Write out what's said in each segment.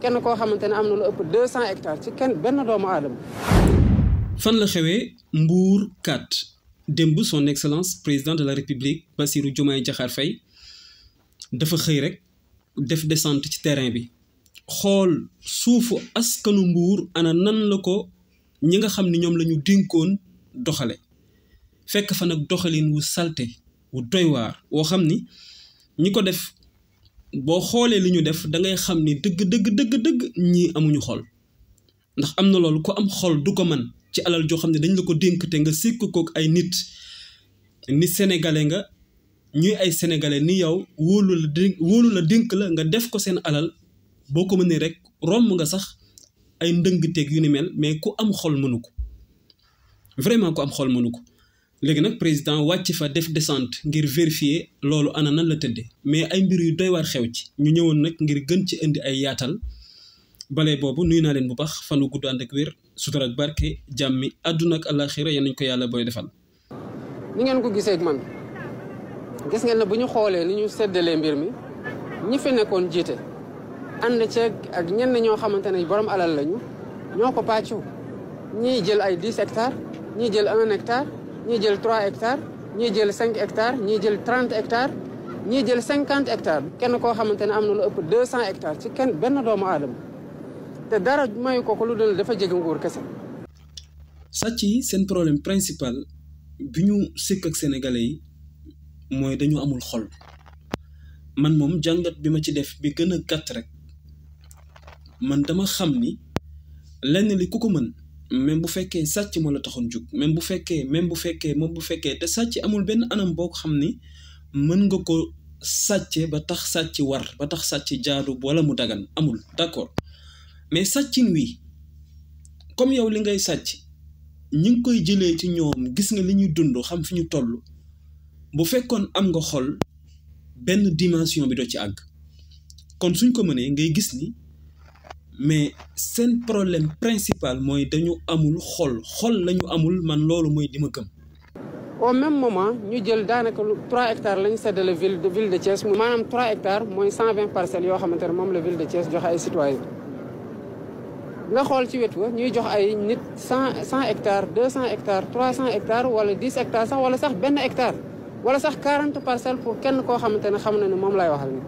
kenn koo xamante ni am na lu ëpp ectare cent hectares ci kenn benn doomu aadama. fan la xewee Mbour 4 démb son excellence président de la république Bassirou Diomaye Diakhar Faye dafa xëy rek def descente ci terrain bi xool suufu askanu Mbour ana nan la ko ñi nga xam ni ñoom la ñu dénkoon doxale fekk fa nag doxalin wu salte wu doy waar woo xam ni ñi ko def boo xoolee li ñu def da ngay xam ni dëgg dëgg dëgg ñii amuñu xol ndax am na loolu ku am xol du ko man ci alal joo xam ne dañ la ko dénk te nga sikk kook ay nit ni sénégalais nga ñuy ay sénégalais ni yow wóolu la dénk wóolu la nga def ko seen alal boo ko mënee rek romb nga sax ay ndëng teeg yu ni mel mais ku am xol mënu ko vraiment ku am xol mënu ko léegi nag président wàcc fa def descente ngir vérifier loolu ana nan la tëddee mais ay mbir yu doy waar xew ci ñu ñëwoon nag ngir gën ci indi ay yaatal bale boobu nuyu naa leen bu baax fan wu gudd ànd ak wér sutura ak barke jàmmi àdduna ak àllaaxira yal nañu ko yàlla booy defal. ni ngeen ko gisee ak man gis ngeen ne bu ñu xoolee ni ñu seddalee mbir mi ñi fi nekkoon jiite ànd ceeg ak ñenn ñoo xamante ne borom alal lañu ñoo ko pàccu ñii jël ay dix hectares ñii jël un hectare. ñi jël 3 hectares ñi jël 5 hectares ñi jël 30 hectares ñi jël 50 hectares kenn ko xamantene amna lu ëpp 200 hectares ci kenn benn doomu adam te dara mayu ko ko lu dul dafa jege nguur kese. sacci sen problème principal bi ñu sëkk ak sénégalais yi dañu amul xol man mom jangat bima ci def bi gëna a rek man dama xamni lenn li ku ko même bu fekkee sàcc moo la taxoon jug même bu fekkee même bu fekkee moom bu fekkee te sàcc amul benn anam boo xam ni mën nga ko sàcce ba tax sàcc war ba tax sàcc jaadu wala mu dagan amul d'accord mais sàccin wi comme yow li ngay sàcc ñi ngi koy jëlee ci ñoom gis nga li ñuy dund xam fi ñu toll bu fekkoon am nga xol benn dimension bi doo ci àgg kon suñ ko mënee ngay gis ni mais c'est un problème principal mooy dañu amul xol xol lañu amul man loolu mooy di ma au même moment nous avons 3 hectares lañu la ville de ville de Thiès 3 hectares mooy 120 parcelles Nous avons la ville de Thiès joxe ay citoyens nga xool ci nous avons ñuy 100 hectares 200 hectares 300 hectares 10 hectares sax wala sax benn hectare wala sax 40 parcelles pour kenn koo xamante ne xam na ne lay waxal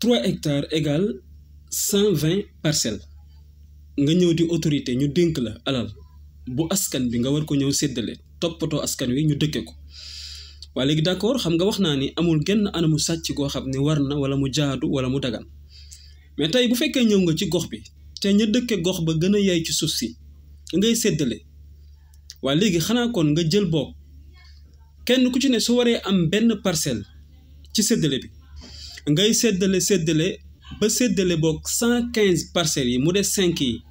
3 hectares égale cent vingt parcelles nga ñëw di autorité ñu dénk la alal bu askan bi nga war ko ñëw séddale toppatoo askan wi ñu dëkke ko waa léegi d'accord xam nga wax naa ni amul genn anamu sàcc goo xam ne war na wala mu jaadu wala mu dagan mais tey bu fekkee ñëw nga ci gox bi te ñu dëkke gox ba gën a yaay ci suuf si ngay séddale waa léegi xanaa kon nga jël boog kenn ku ci ne su waree am benn parcelle ci séddale bi ngay séddale séddale ba séddale book cent quinze parcelles yi mu des cinq yi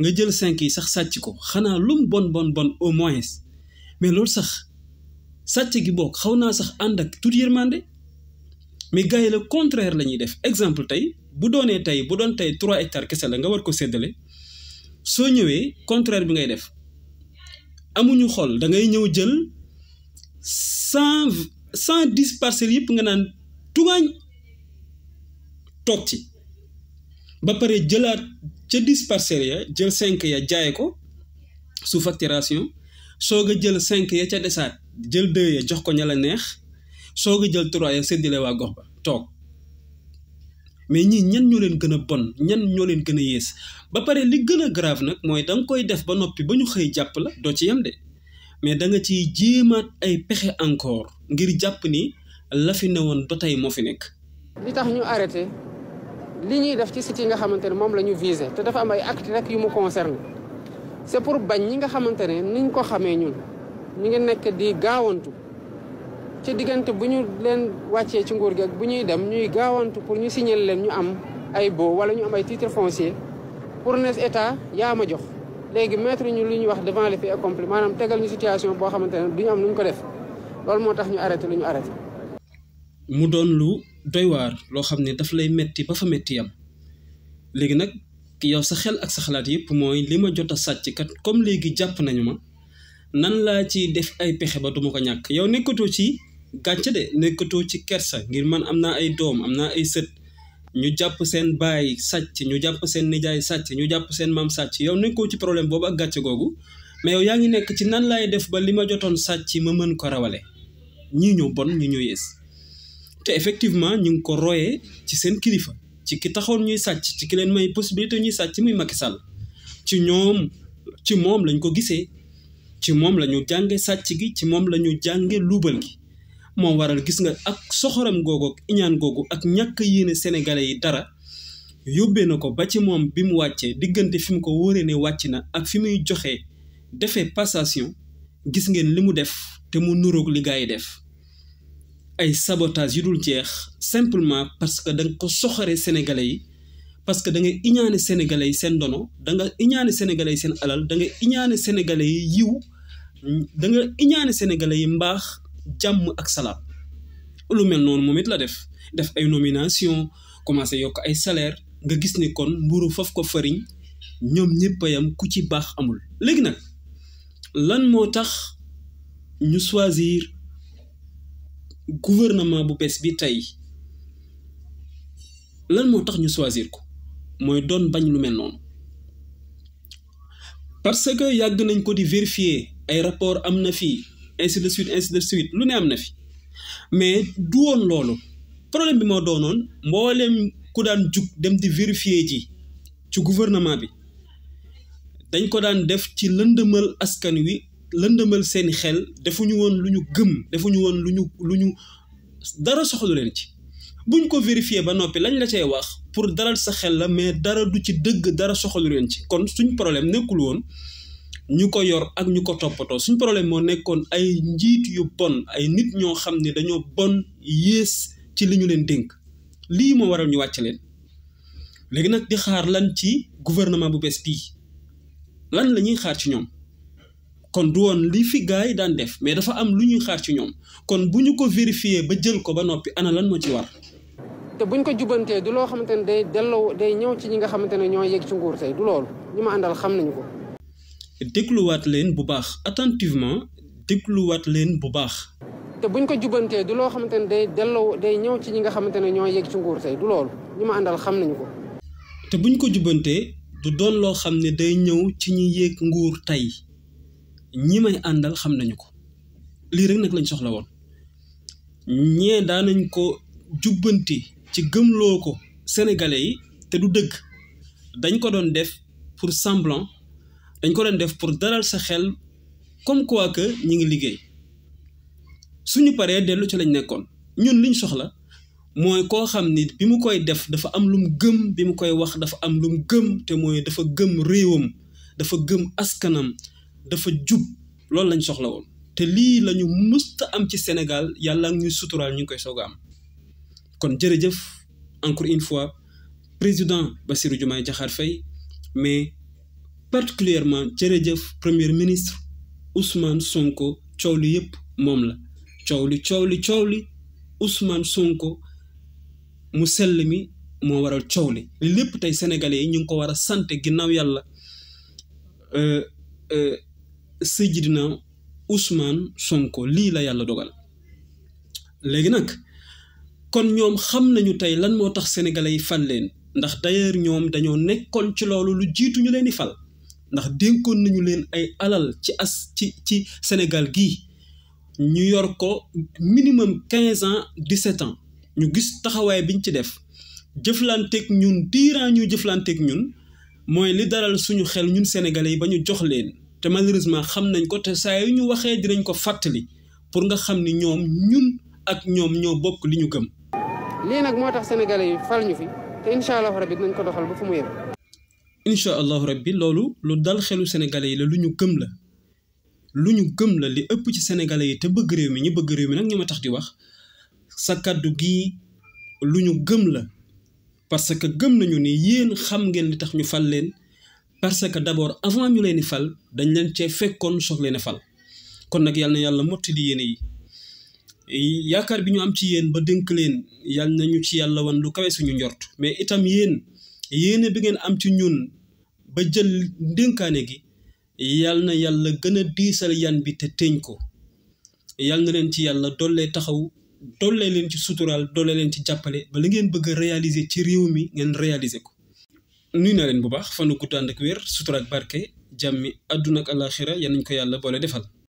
nga jël cinq yi sax sàcc ko xanaa lum bon bon bon au moins mais loolu sax sàcc gi book xaw naa sax ànd ak tout yërmande mais gars yi contraire la ñuy def exemple tey bu doonee tey bu doon tey trois hectares kese la nga war ko séddale soo ñëwee contraire bi ngay def amuñu xol da ngay ñëw jël cent cent dix parcelles yëpp nga naan tugaañ toog ci ba pare jëlaat ca dix parcelles ya jël cinq ya jaay ko su facturation soog a jël cinq ya ca desaat jël deux ya jox ko ña la neex soog a jël trois ya séddale waa gox ba toog mais ñi ñan ñoo leen gën a bon ñan ñoo leen gën a yées ba pare li gën a grave nag mooy danga koy def ba noppi ba ñu xëy jàpp la doo ci yem de mais da nga ciy jéemaat ay pexe encore ngir jàpp ni lafi fi newoon ba tey moo fi nekk. li tax ñu arrêté. li ñuy def ci sites yi nga xamante ne moom la ñu visé te dafa am ay acti rek yu mu concerné c'est pour bañ ñi nga xamante ne niñ ko xamee ñun ñu ngi nekk di gaawantu ci diggante bu ñu leen wàccee ci nguur gi ak bu ñuy dem ñuy gaawantu pour ñu signaler leen ñu am ay baux wala ñu am ay titre foncier pour ne état yaa ma jox léegi mettre ñu lu ñuy wax devant les faits accomplis maanaam tegal ñu situation boo xamante ne du ñu am lu ñu ko def loolu moo tax ñu arrêté lu ñu doy waar loo xam ne daf lay metti ba fa metti yam léegi nag yow sa xel ak sa xalaat yëpp mooy li ma jot a sàcc kat comme léegi jàpp nañu ma nan laa ci def ay pexe ba duma ko ñàkk yow nekkatoo ci de nekkatoo ci kersa ngir man am naa ay doom am naa ay sët ñu jàpp seen baay sàcc ñu jàpp seen nijaay sàcc ñu jàpp seen maam sàcc yow nekkoo ci problème boobu ak gàcce googu mais yow yaa nekk ci nan laay def ba li ma jotoon sàcc ma mën ko rawale ñi ñu bon ñi ñu te effectivement ñu ngi ko royee ci seen kilifa ci ki taxoon ñuy sàcc ci ki leen may possibilité ñuy sàcc muy Macky Sall ci ñoom ci moom lañ ko gisee ci moom lañu ñu jànge sàcc gi ci moom lañu jànge luubal gi moo waral gis nga ak soxoram googu ak iñaan googu ak ñàkk yéene sénégalais yi dara yóbbee na ko ba ci moom bi mu wàccee diggante fi mu ko wóoree ne wàcc na ak fi muy joxee defee passation gis ngeen li mu def te mu nurook li gaa def ay sabotage yu dul jeex simplement parce que da nga ko soxore sénégalais yi parce que da nga iñaane sénégalais yi dono da nga iñaane sénégalais yi alal da nga iñaane sénégalais yi yiw da nga iñaane sénégalais yi mbaax jàmm ak salaam lu mel noonu moom it la def def ay nomination commencé yokk ay salaire nga gis ni kon mburu faf ko fariñ ñoom ñëpp yam ku ci baax amul léegi nag lan moo tax ñu choisir gouvernement bu bees bi tay lan mo tax ñu choisir ko moy doon bañ lu mel non parce que yag nañ ko di vérifier ay rapport amna fi ainsi de suite ainsi de suite lu ne amna fi mais du won lolu problème bi moo doonoon mboolem ku daan juk dem di vérifier ji ci gouvernement bi dañ ko daan def ci lëndëmal askan wi lëndëmal seeni xel defuñu woon lu ñu gëm defuñu woon lu ñu lu ñu dara soxalu leen ci buñ ko vérifier ba noppi lañ la cay wax pour dalal sa xel la mais dara du ci dëgg dara soxalu leen ci kon suñ problème nekkul woon ñu ko yor ak ñu ko toppatoo suñ problème moo nekkoon ay njiit yu bon ay nit ñoo xam ne dañoo bon yées ci li ñu leen dénk lii moo waral ñu wàcc leen léegi nag di xaar lan ci gouvernement bu bees bii lan la ñuy xaar ci ñoom. kon du woon li fi gars yi daan def mais dafa am lu ñuy xaar ci ñoom kon bu ñu ko vérifier ba jël ko ba noppi ana lan moo ci war. te buñ ko jubbantee du loo xamante ne day delloo day ñëw ci ñi nga xamante ne ñoo yegg ci nguur tey du loolu ñi ma àndal xam nañu ko. dégluwaat leen bu baax attentivement dégluwaat leen bu baax. te buñ ko jubantee du loo xamante ne day delloo day ñëw ci ñi nga xamante ne ñoo yegg ci du loolu ñi ma àndal xam nañu ko. te buñ ko jubantee du doon loo xam ne day ñëw ci ñi yegg nguur tey. ñi may àndal xam nañu ko lii rek nag lañ soxla woon ñee daanañ ko jubbanti ci gëmloo ko sénégalais yi te du dëgg dañ ko doon def pour semblant dañ ko doon def pour daral sa xel comme quoi que ñi ngi liggéey suñu paree dellu ci lañ nekkoon ñun liñ soxla mooy koo xam ni bi mu koy def dafa am lum gëm bi mu koy wax dafa am lum gëm te mooy dafa gëm réewam dafa gëm askanam dafa jub loolu lañ soxla woon te lii lañu musta am ci Sénégal yàlla ñu suturaal ñu ngi koy soog a am kon jërëjëf encore une fois président Bassirou Diomaye Diakhar fay mais particulièrement jërëjëf premier ministre Ousmane Sonko coow yépp momla, moom la coow li coow Ousmane Sonko mu sell mi moo waral lépp tey sénégalais ñu ngi ko war a sant ginnaaw yàlla euh, euh, Seydina Ousmane Sonko lii la yàlla dogal léegi nag kon ñoom xam nañu tey lan moo tax sénégalais yi fan leen ndax d'ailleurs ñoom dañoo nekkoon ci loolu lu jiitu ñu leen di fal ndax dénkoon nañu leen ay alal ci as ci ci Sénégal gii ñu yor ko minimum quinze ans dix-sept ñu gis taxawaay biñ ci def jëflanteeg ñun diiraa ñu jëflanteek ñun mooy li daral suñu xel ñun sénégalais yi ba ñu jox leen. te malheureusement xam nañ ko te saa yu ñu waxee dinañ ko fàttali pour nga xam ni ñoom ñun ak ñoom ñoo bokk li ñu gëm. lii nag moo tax sénégalais yi ko doxal ba fu mu yem. incha allahu loolu lu dal xelu sénégalais yi la lu ñu gëm la lu ñu gëm la li ëpp ci sénégalais yi te bëgg réew mi ñu bëgg réew mi nag ñoo ma tax di wax sa kàddu gi lu ñu gëm la parce que gëm nañu ni yéen xam ngeen li tax ñu fal leen. parce que d' abord avant ñu leen di fal dañ leen cee fekkoon soog leen fal kon nag yàlla na di mottali yéene yi yaakaar bi ñu am ci yéen ba dénk leen yàlla na ci yàlla wan lu kawe suñu njort mais itam yéen yéene bi ngeen am ci ñun ba jël ndénkaane gi yàlla na yàlla gën a diisal yan bi te teñ ko yàlla na leen ci yàlla dollee taxaw dollee leen ci suturaal dollee leen ci jàppale ba li ngeen bëgg a réaliser ci réew mi ngeen réaliser ko. nuy na leen bu baax fanu gudd ànd ak wér sutura ak barke jàmmi àdduna ak àllaaxira yal nañ ko yàlla boole defal.